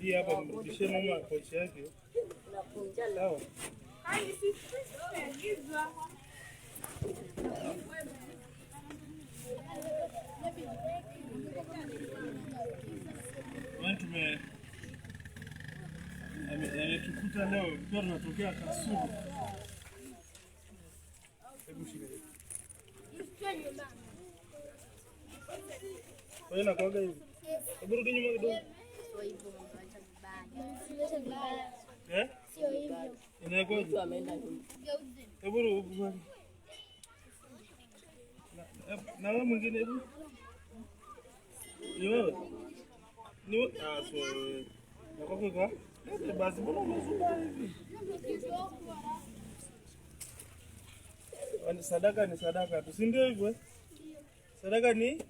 Hii hapa mrudishie mama pochi yake. Tume ametukuta leo tukiwa tunatokea Kasulu. Wewe na kwaga hivi. Rudi nyuma kidogo. Sio eh? hivyo, Hebu Na wewe mwingine hebu. Ni wewe. Ni wewe. Ah, sio wewe. Na kwa kwa? Basi mbona umezuka hivi? Yaani, sadaka ni sadaka tu, si ndio hivyo? Sadaka ni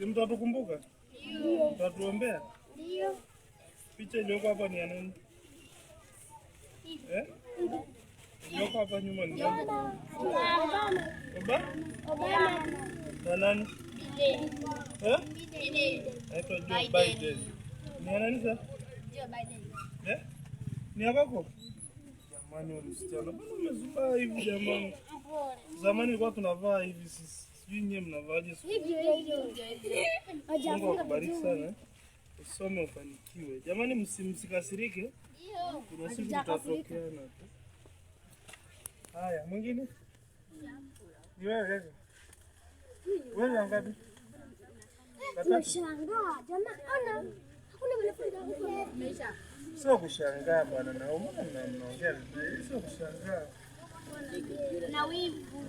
Si mtu atukumbuka? Ndio. Tatuombea? Ndio. Picha iliyoko hapa ni ya nani? Eh? Iliyoko hapa nyuma ni nani? Obama. Obama. Na nani? Biden. Eh? Biden. Joe Biden. Ni nani sasa? Joe Biden. Eh? Ni yako? Jamani, msichana, mbona umezubaa hivi jamani? Zamani ilikuwa tunavaa hivi sisi. Sijui nyie mnavaje Mungu akubariki sana. Usome ufanikiwe. Jamani, msikasirike Kuna siku tutatokeana. Haya, mwingine? Ni wewe wewe wangapi? Nashangaa eh, Sio kushangaa bwana, na mnaongea vizuri, sio kushangaa na wivu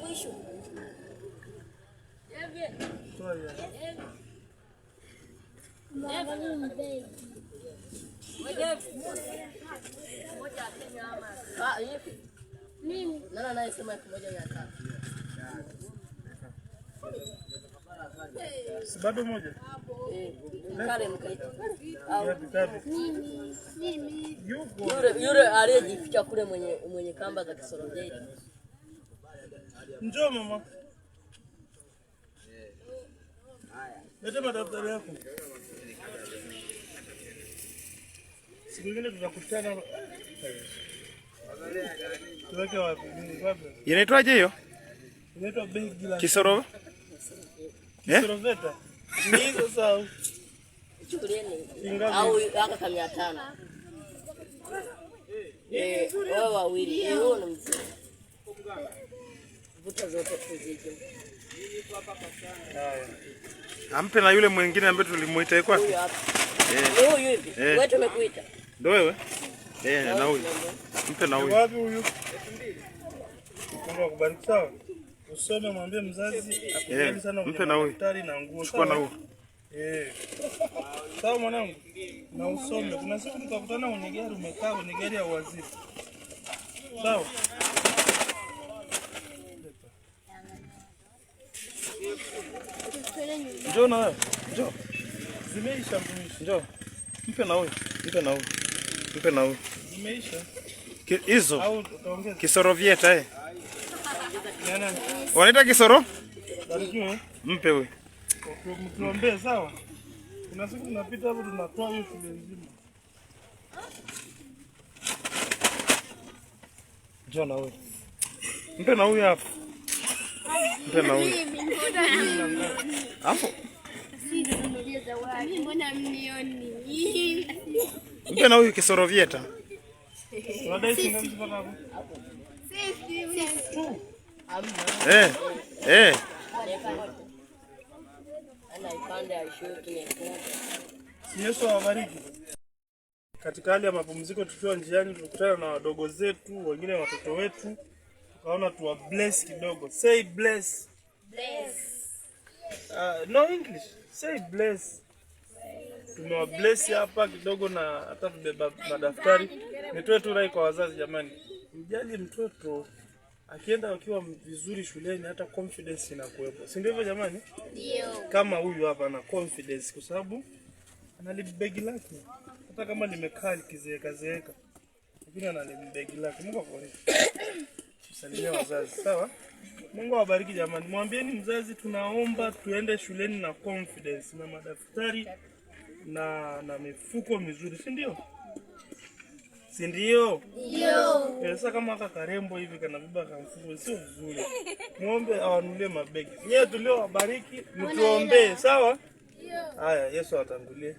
Mwisho. Nani Bado moja. Yule aliyejificha kule mwenye kamba za kisorojeti. Njoo mama. Leta madaftari yako. Siku nyingine tutakutana. Tuweke wapi? Inaitwaje hiyo? Inaitwa begi la Kisoro. Eh? Kisoroveta. Ni hizo sawa. Au aka kamia tano. Eh, wao wawili. Eh, ni mzee vuta zote tuzije. Ampe na yule mwingine ambaye tulimuita yuko hapo. Eh. wapi? Huyu eh. hivi. Eh. Wewe tumekuita. Ndio wewe? Eh, na huyu. Mpe na huyu. Wapi huyu? Mungu akubariki sawa. Usome mwambie mzazi akubariki eh, sana mpe na huyu. Daktari na nguo. Chukua na huyu. Eh. Sawa mwanangu. Na usome. Kuna siku tutakutana kwenye gari umekaa kwenye gari ya waziri. Sawa. Njoo na wewe. Njoo. Zimeisha mtumishi. Njoo. Mpe na huyu. Mpe na huyu. Mpe na huyu. Zimeisha. Hizo. Kisoro vieta eh. Wanaita kisoro? Eh. Mpe huyu. Mtuombee sawa. Kuna siku tunapita hapo tunatoa hiyo shule nzima. Njoo na huyu. Mpe na huyu hapa. Mpe mauni. na huyu eh, eh, eh. Yesu awabariki. Katika hali ya mapumziko tukiwa njiani tulikutana na wadogo zetu, wengine watoto wetu Kaona tuwa bless kidogo. Say bless. Bless. Uh, no English. Say bless. Tumewa bless hapa kidogo na hata tubeba madaftari. Nitoe tu rai kwa wazazi jamani. Mjali mtoto akienda akiwa vizuri shuleni hata confidence inakuwepo. Si ndivyo jamani? Ndio. Kama huyu hapa ana confidence kwa sababu analibegi lake. Hata kama limekaa likizeeka zeeka. Lakini analibegi lake. Mungu akubariki tusalimie wazazi sawa. Mungu awabariki jamani, mwambieni mzazi tunaomba tuende shuleni na confidence na madaftari na na mifuko mizuri, si ndio? Si ndio? Ndio. Sasa kama aka Karembo hivi kanabeba kamfuko sio vizuri. Muombe awanulie mabegi. Nyewe tulio wabariki, mtuombee sawa? Ndio. Haya, Yesu atangulie.